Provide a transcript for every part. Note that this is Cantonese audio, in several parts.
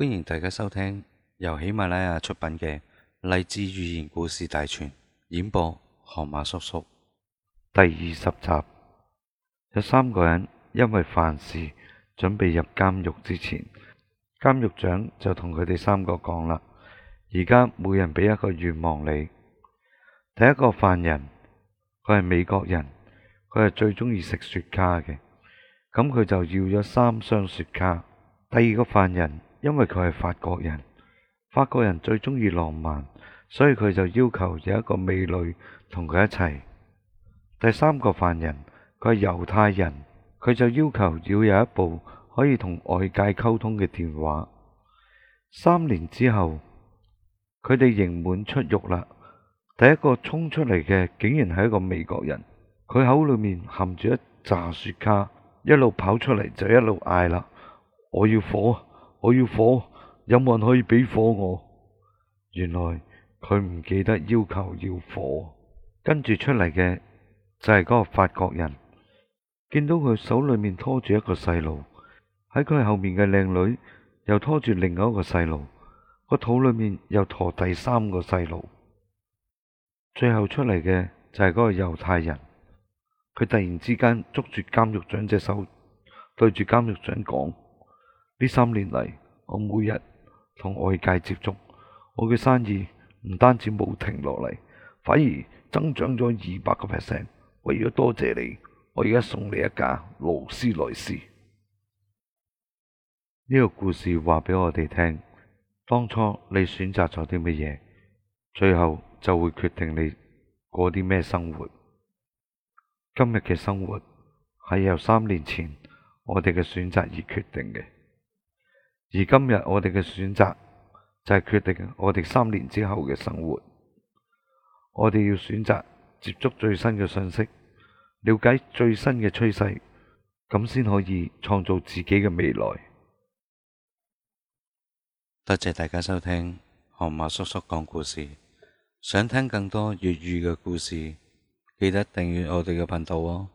歡迎大家收聽由喜馬拉雅出品嘅《勵志寓言故事大全》演播，河馬叔叔第二十集。有三個人因為犯事準備入監獄之前，監獄長就同佢哋三個講啦：而家每人俾一個願望你。第一個犯人佢係美國人，佢係最中意食雪茄嘅，咁佢就要咗三箱雪茄，第二個犯人，因為佢係法國人，法國人最鍾意浪漫，所以佢就要求有一個美女同佢一齊。第三個犯人，佢係猶太人，佢就要求要有一部可以同外界溝通嘅電話。三年之後，佢哋刑滿出獄啦。第一個衝出嚟嘅，竟然係一個美國人，佢口裏面含住一揸雪茄，一路跑出嚟就一路嗌啦：我要火！我要火，有冇人可以俾火我？原來佢唔記得要求要火，跟住出嚟嘅就係嗰個法國人，見到佢手裏面拖住一個細路，喺佢後面嘅靚女又拖住另一個細路，個肚裏面又陀第三個細路，最後出嚟嘅就係嗰個猶太人，佢突然之間捉住監獄長隻手，對住監獄長講。呢三年嚟，我每日同外界接觸，我嘅生意唔單止冇停落嚟，反而增長咗二百個 percent。為咗多謝你，我而家送你一架勞斯萊斯。呢個故事話俾我哋聽：當初你選擇咗啲乜嘢，最後就會決定你過啲咩生活。今日嘅生活係由三年前我哋嘅選擇而決定嘅。而今日我哋嘅選擇就係決定我哋三年之後嘅生活。我哋要選擇接觸最新嘅信息，了解最新嘅趨勢，咁先可以創造自己嘅未來。多謝大家收聽河馬叔叔講故事。想聽更多粵語嘅故事，記得訂閱我哋嘅頻道哦。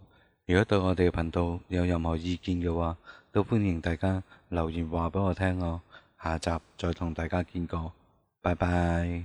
如果對我哋頻道有任何意見嘅話，都歡迎大家留言話畀我聽哦。下集再同大家見過，拜拜。